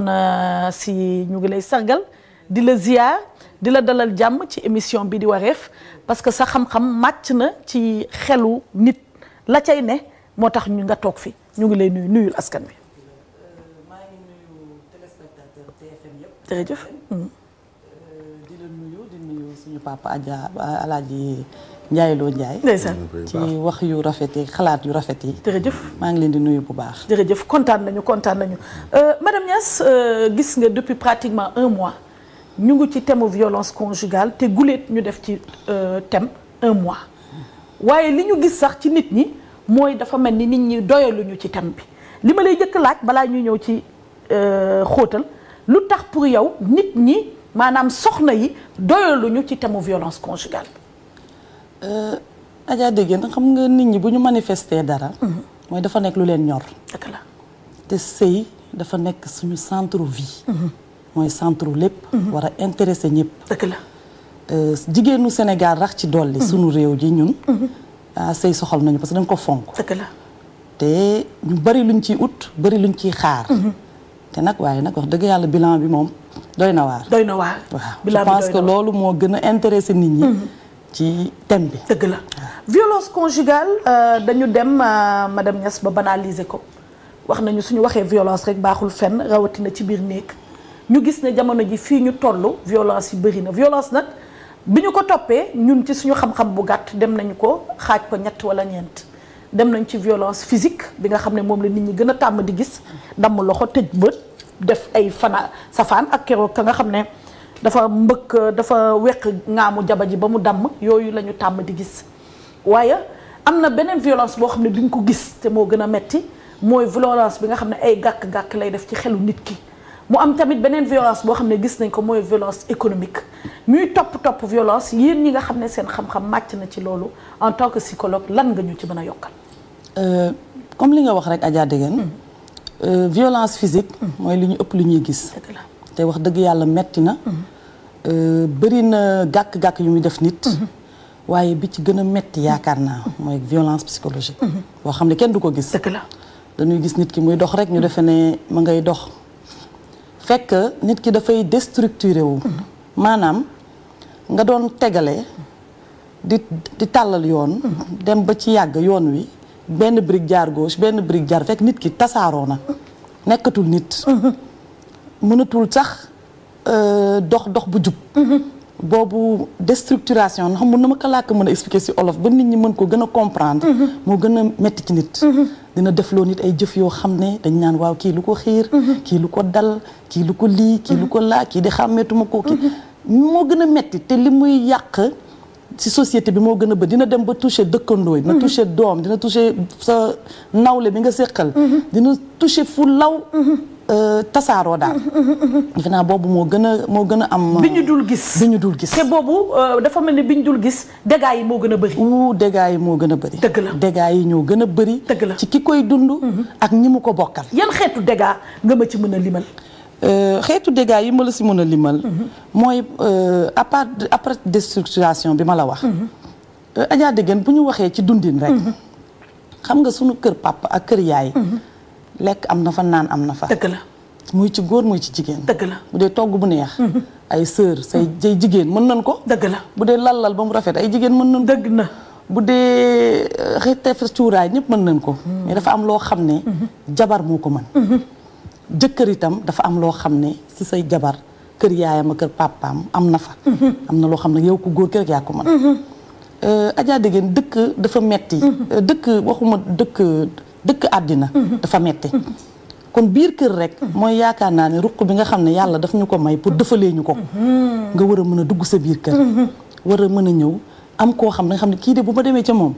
na si ñu ngi lay sargal di la ziar di la dalal jàmm ci émission bi di wareef parce que sa xam-xam màcc na ci xelu nit la cay ne moo tax ñu nga toog fi ñu ngi lay nuyu nuyul askan wi. Euh, maa ngi euh, la Ndiaye Lo Ndiaye. ndeysaan ci wax yu rafet yi xalaat yu rafet yi. jërëjëf maa ngi leen di nuyu bu baax. jërëjëf kontaan nañu kontaan nañu euh, madame Niass euh, gis nga depuis pratiquement un mois ñu ngi ci thème violence conjugale te guléet ñu def ci euh, thème un mois waaye li ñu gis sax ci nit ñi mooy dafa mel ni nit ñi doyaluñu ci thème bi li ma lay jëkk laaj balaa ñu ñëw ci xóotal lu tax pour yow nit ñi maanaam soxna yi doyaluñu ci thème violence conjugale. Euh, Adja Dégg na xam nga nit ñi bu ñu manifester dara. mooy dafa nekk lu leen ñor. dëgg te sëy dafa nekk suñu centre vie. mooy centre lépp. war a intéresser ñëpp. Euh, jigéenu Sénégal rax ci dolli. suñu réew ji ñun. Mhm. Ah, sëy soxal nañu parce que ko fonk. la te ñu bari luñ ciy ut bari luñ ciy xaar. Mhm. te nag waaye nag wax dëgg yàlla bilan bi moom doy na waar. waaw je loolu moo gën a intéressé nit ñi. Mhm. ci thème bi. tëgg la violence conjugale euh, dañu dem euh, madame Niass ba banaliser ko wax nañu suñu waxee violence rek baaxul fenn rawatina ci biir néeg ñu gis ne jamono ji fii ñu toll violence yi bëri na violence nag bi ñu ko toppee ñun ci suñu xam-xam bu gàtt dem nañu ko xaaj ko ñett wala ñeent. dem nañ ci violence physique bi nga xam ne moom la nit ñi gën a tàmm di gis damm loxo tëj bët def ay fana safaan ak keroog ka nga xam ne. dafa mbëkk dafa weq ngaamu jaba ji ba mu damm yooyu lañu tàmm di gis waaye am na beneen violence boo xam ne duñ ko gis te moo gën a metti mooy violence bi nga xam ne ay gàkk-gàkk lay def ci xelu nit ki mu am tamit beneen violence boo xam ne gis nañ ko mooy violence économique ñuy topp topp violence yéen ñi nga xam ne seen xam-xam màcc na ci loolu en tant que psychologue lan nga ñu ci mën a yokkal euh, comme li nga wax rek Adja Degen mm. euh, violence physique mm. mooy li ñu ëpp lu ñuy gis te wax dëgg yàlla metti na mhm. euh, bëri na gàkk-gàkk yu muy def nit mhm. waaye bi ci gën a metti yaakaar naa mhm. mooy violence psychologique boo xam ne kenn du ko gis dëgg la dañuy gis nit ki muy dox rek ñu defe ne ma ngay dox fekk nit ki dafay déstructuré wu maanaam nga doon tegale di di tàllal yoon dem ba ci yàgg yoon wi benn brique jaar gauche benn brique jaar fekk nit ki tasaaroo na nekkatul nit mënatul sax euh, dox dox bu jub. Mhm. boobu déstructuration ndax mun na ma ko laa ko mën a expliquer ci olof ba nit ñi mën koo gën a comprendre. Mhm. moo gën a metti ci nit. Mhm. dina defloo nit ay jëf yoo xam ne dañ naan waaw kii lu ko xiir. kii lu ko dal kii lu ko lii kii lu ko laa kii di xàmmeetuma ko moo gën a metti te li muy yàq ci société bi moo gën a ba dina dem ba toucher dëkkandoo dina toucher doom dina toucher sa nawle bi nga séqal. dina toucher fu law. Euh, tasaaroo daal. defe naa boobu moo gën a moo gën a am. Euh, bi ñu dul gis bi ñu dul gis. te boobu euh, dafa mel ni bi ñu dul gis dégâts yi moo gën a bëri. wuu yi moo gën a bëri. dëgg la dégâts yi ñoo gën a bëri. dëgg la ci ki koy dund. Mhm. ak ñi mu ko bokkal. yan xeetu dégâts nga ma ci mën a limal. xeetu dégâts yi ma la si mën a limal. Mhm. mooy à part après déstructuration bi ma la wax. Mhm. Adja Degene bu ñu waxee ci dundin rek. xam nga sunu kër papa ak kër yaay. lekk am na fa naan am na fa. dëgg la muy ci góor muy ci jigéen. dëgg la bu dee togg bu neex. Mhm. ay sœur say jigéen mën nañ ko. dëgg la bu dee lallal ba mu rafet ay jigéen mën nañ ko. na bu dee euh, xeetu cuuraay ñëpp mën nañ ko. Mhm. mais dafa am loo xam ne. Mhm. jabar moo ko mën. jëkkër itam dafa am loo xam ne si say jabar kër yaayam ak kër papaam am na fa. am na loo xam ne yow ko góor kër yaa ko mën. Euh, Adja Degen dëkk dafa metti euh, dëkk waxuma dëkk dëkk àddina mhm. dafa metti mhm. kon biir kër rek mhm. mooy yaakaar naa ne ruq bi nga xam ne yàlla daf ñu ko may pour defalee ñu ko nga war a mën a dugg sa biir kër war a mën a ñëw am koo xam ne nga xam ne kii de bu ma demee ca moom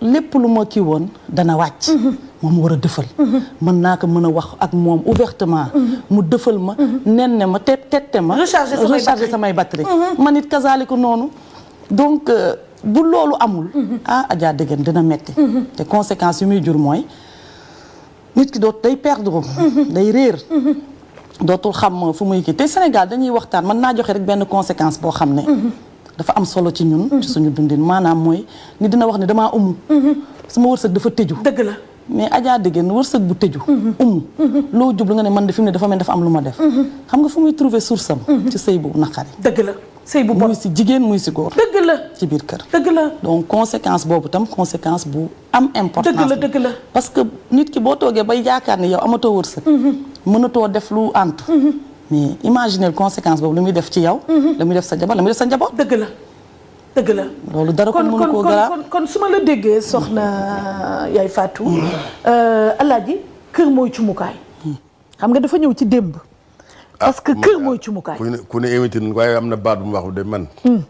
lépp lu ma kii woon dana wàcc moom war a dëfal mën naa ko mën a wax ak moom ouvertement mu dëfal ma nen ne ma te tette ma recharger samay batterie man it ko noonu donc euh, bu loolu amul. ah Adja dëggan dina metti te conséquence yi muy jur mooy nit ki doot day perdre. day réer. dootul xam fu muy kii te Sénégal dañuy waxtaan mën naa joxe rek benn conséquence boo xam ne. dafa am solo ci ñun. suñu dundin maanaam mooy ni dina wax ne damaa umu. sama wërsëg dafa tëju dëgg la. mais Adja Degen wërsëg bu tëju. Mhm. umu loo jub jublu nga ne man def fi mu ne dafa mel dafa am lu ma def. Mhm. xam nga fu muy trouver source am. Mhm. ci sëy bu naqari. dëgg la sëy bu bon si jigéen muy si góor. dëgg la ci biir kër. dëgg la donc conséquence boobu tam conséquence bu am importance. dëgg dëgg la parce que nit ki boo toogee bay yaakaar ne yow amatoo wërsëg. mënatoo def lu antu. mais imaginez conséquence boobu lu muy def ci yow. la muy def sa jabar la muy def sa njaboot dëgg la. dëgg la loolu dara ko mënu koo garaaw kon kon su ma la déggee soxna yaay Fatou. Euh, Alaaji kër mooy cumukaay. xam nga dafa ñëw ci démb. Ah, parce que kër mooy cumukaay. ku ne ku ne invité nañu waaye am na baat bu mu wax de man. Hmm.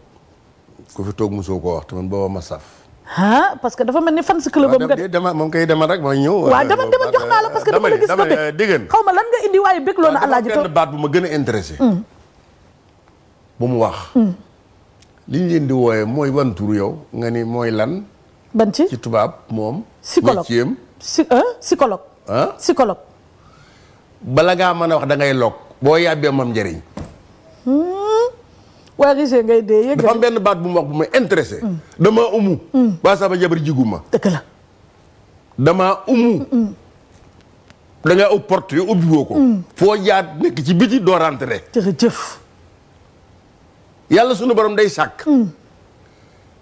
ku fi toog mosoo koo wax te man booba ma saf. ah parce que dafa mel ni fan si club am nga dama moom kay dama rek ma ñëw waaw dama dama jox naa la parce que dama la gis nga bëgg dégg xaw ma lan nga indi waaye bëgg loo na baat bu ma gën a intéressé hmm. bu wax hmm. liñ leen di wooye mooy wan tur yow nga ni mooy lan. ban ci ci tubaab moom. psychologue métier si psychologue. ah psychologue. bala ngaa mën a wax dangay ngay boo yàbbee mam njariñ hmm? waa Rizé ngay dafa am benn baat bu mu wax bu ma intéressé. Hmm. damaa umu. Hmm. ba jabar jigu ma. dëgg la. damaa umu. da ngaa porte yu ubbi woo ko. foo jaat nekk ci biti doo rentré. jërëjëf. yàlla sunu borom day sàkk. Hmm.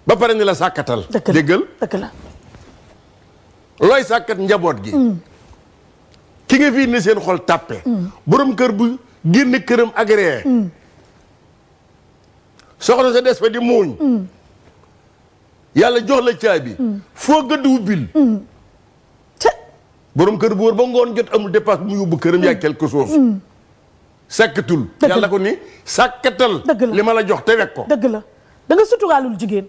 ba pare ni la sàkkatal. dëggal dëgg la looy sàkkat njaboot gi. Hmm. ki nga fi ne seen xol tàppe. Hmm. borom kër bu génn këram agréé. soxna sa des fa di muuñ. yàlla jox la caabi. foo gëdd wubbil. borom kër bu wër ba ngoon jot amul dépasse bu mu yóbbu këram yaa quelque chose. sekkatul yàlla ko ni sàkkatal li ma la jox te wek ko dëgg la da nga suturaalul jigéen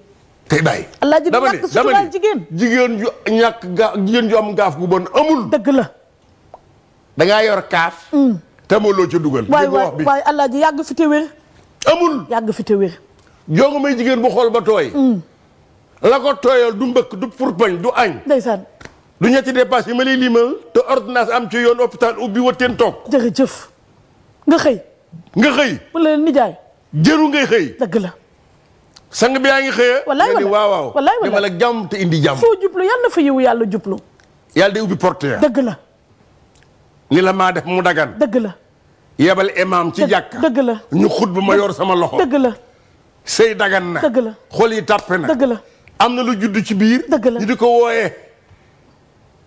tey bàyyi allah ji dama ñàkk suturaal jigéen jigéen ju ñàkk gaa jigéen ju am gaaf gu bon amul dëgg la da ngaa yor kaaf mm. te moo loo ca dugal waay waay waay allah ji yàgg fi te wér amul yàgg fi te wér jongo may jigéen bu xool ba tooy mm. la ko tooyal du mbëkk du pourpañ du añ ndeysaan du ñetti dépasse yi ma lay limal te ordonnance am ci yoon hôpital ubbi wëtteen toog jërëjëf nga xëy. nga xëy. mu ne leen nijaay. jëru ngay xëy. dëgg la. sang bi yaa ngi xëyee. wallaay wallaay waaw waaw demal ak jàmm te indi jàmm. foo jublu yàlla na fa yiw yàlla jublu. yàlla day ubbi porte ya. dëgg la. ni la maa def mu dagan. dëgg la. yebal imam ci jàkka. dëgg la ñu xutba ma yor sama loxo. dëgg la. sëy dagan na. dëgg la xol yi tàppe na. dëgg la am na lu judd ci biir. dëgg la ñu di ko wooyee.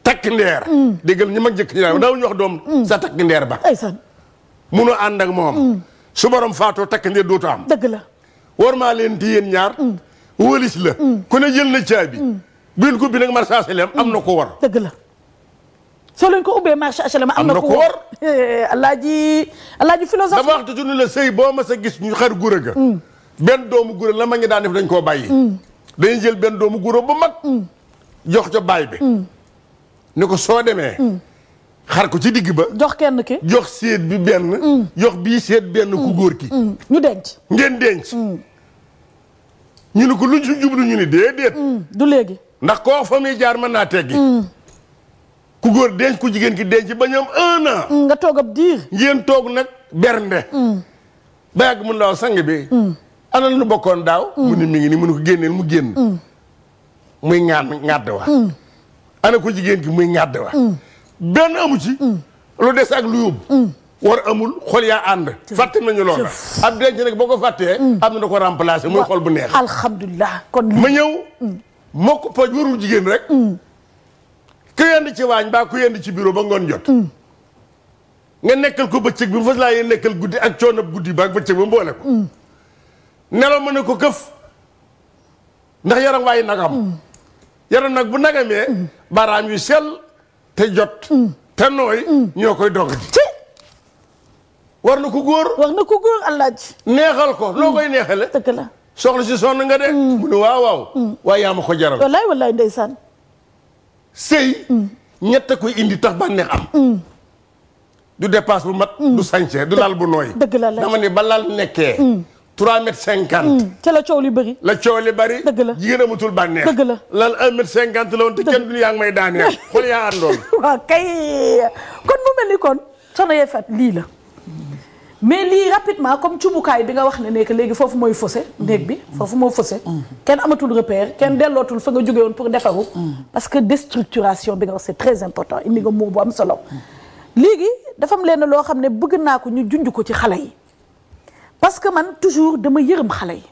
takk ndeer. Mm. dégg nga ñu mag njëkk ñu mm. daaw ñu wax doom. Mm. sa takk ndeer ba. aysan munu ànd ak moom. Mm. su borom faatoo takk njër dootu am. dëgg la war maa leen di yéen ñaar. Mm. wëlis la. Mm. ku ne jël na caabi. biñ ko ubbi nag marché HLM am na ko war. dëgg la soo leen ko ubbee marché HLM am na ko war. alaaji alaaji philosophe. dafa waxtu ñu la sëy boo ma sa gis ñu xar gura ga. benn doomu gura la ma ngi daan def dañ koo bàyyi. dañuy jël benn doomu gura bu mag. jox ca baay bi. ni ko soo demee. xar ko ci digg ba. jox kenn ki. jox séet bi benn. Mm. jox bii seet benn ku mm. góor ki. Mm. ñu denc. ngeen denc. ñu ne ko luñ ci jublu ñu ne déedéet. du léegi. ndax koo fa muy jaar mën naa teggi. ku góor denc ku jigéen ki denc ba ñoom un nga toog ab diir. ngeen toog nag bernde. ba yàgg mun daaw sang bi. ana lu bokkoon daaw. mu ni mi ngi mu ne ko génneel mu génn. muy ŋaan ŋàdd wa. ana ko jigéen ki muy ŋàdd wa. benn amu ci. Mm. lu des ak lu yóbbu. Mm. war amul xol yaa ànd. fàtte nañu loola. Mm. ab denc nag boo ko fàttee. am na da ko remplacer muy xol bu neex. alhamdulilah kon. ma ñëw. mokk poj warul jigéen rek. ku yend ci waañ baa ku yend ci bureau ba ngoon jot. nga nekkal ko bëccëg bi fas laa yéen nekkal guddi ak coono guddi ba ak bëccëg ba mboole ko. nelaw mën na ko këf. ndax yaram waayu nagam. yaram nag bu nagamee. baaraam yu sell. te jot. te nooy. ñoo koy dogati. ci war na ko góor. war na ko góor alaaji. neexal ko loo koy neexale dëgg la soxla si sonn nga de. Mm. mu ne waaw waaw. Mm. waaye yaa ko jaral. wallaay wallaay ndeysaan. sëy. Mm. ñett koy indi tax bànneex am. du dépasse bu mat. du sañse du lal bu nooy. dëgg la dama 3 mètres 50. Hmm, ca la coow li bëri. la coow li bëri. dëgg la jigéen bànneex. dëgg la lan 1 mètre 50 la woon te kenn du yaa ngi may daaneel xool yaa kon mu mel ni kon soxna Yaye Fat lii la mais lii rapidement comme cubukaay bi nga wax ne nekk léegi foofu mooy fossé. néeg bi foofu moo fossé. kenn amatul repère kenn dellootul fa nga jóge woon pour defaru. parce que déstructuration bi nga wax c'est très important indi nga mot bu am solo. léegi dafa am lenn loo xam ne bëgg naa ko ñu junj ko ci xale yi. parce que man toujours dama yërëm xale yi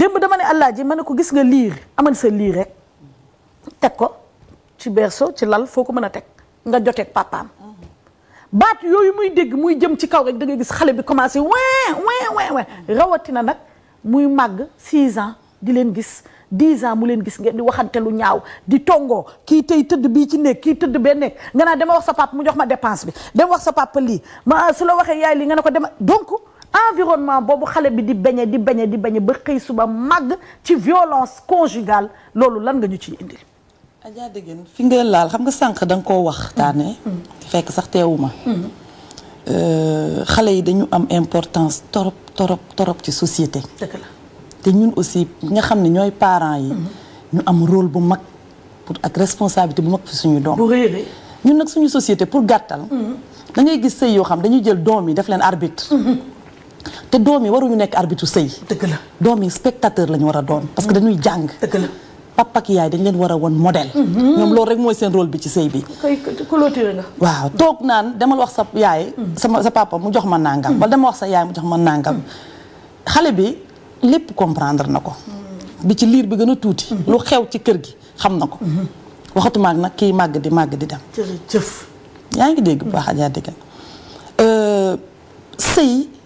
démb dama ne allah ji ma ne ko gis nga liir amal sa lii rek teg ko ci berceau ci lal foo ko mën a teg nga joteeg papaam baat yooyu muy dégg muy jëm ci kaw rek da ngay gis xale bi commencé wee wee wee wee na nag muy màgg 6 ans di leen gis 10 ans mu leen gis ngeen di waxante lu ñaaw di tongoo kii tey tëdd bii ci nekk kii tëdd bee nekk nga naa dama wax sa papa mu jox ma dépense bi dama wax sa papa lii ma su la waxee yaay lii nga ne ko dema donc environnement boobu xale bi di bañe di bañe di bañe ba xëy suba màgg ci violence conjugale loolu lan nga ñu ci indi Adja Degene fi nga laal xam nga sànq da nga koo wax taane mm-hmm. mm-hmm. fekk sax teewuma mm-hmm. euh, xale yi dañu am importance torop torop torop ci société dëgg la te ñun aussi nga xam ne ñooy parents yi ñu am rôle bu mag pour ak responsabilité bu mag fi suñu doom ñun nag suñu société pour gàttal da ngay gis sëy yoo xam dañuy jël doom yi def leen arbitre te doom yi waruñu nekk arbitre sëy dëgg doom yi spectateur la ñu war a doon parce que dañuy jàng dëgg la papa ak yaay dañ leen war a woon model mhm. ñoom loolu rek mooy seen rôle bi ci sëy bi clôture nga waaw toog naan demal wax sa yaay mhm. sama sa papa mu jox ma nàngam mhm. wala dama wax sa yaay mu jox ma nàngam xale bi lépp comprendre na ko bi ci liir bi gën a tuuti lu xew ci kër gi xam na ko waxatumaag nag kii màgg di màgg di dem jërëjëf yaa ngi dégg bu baax ajaa dégg euh, sëy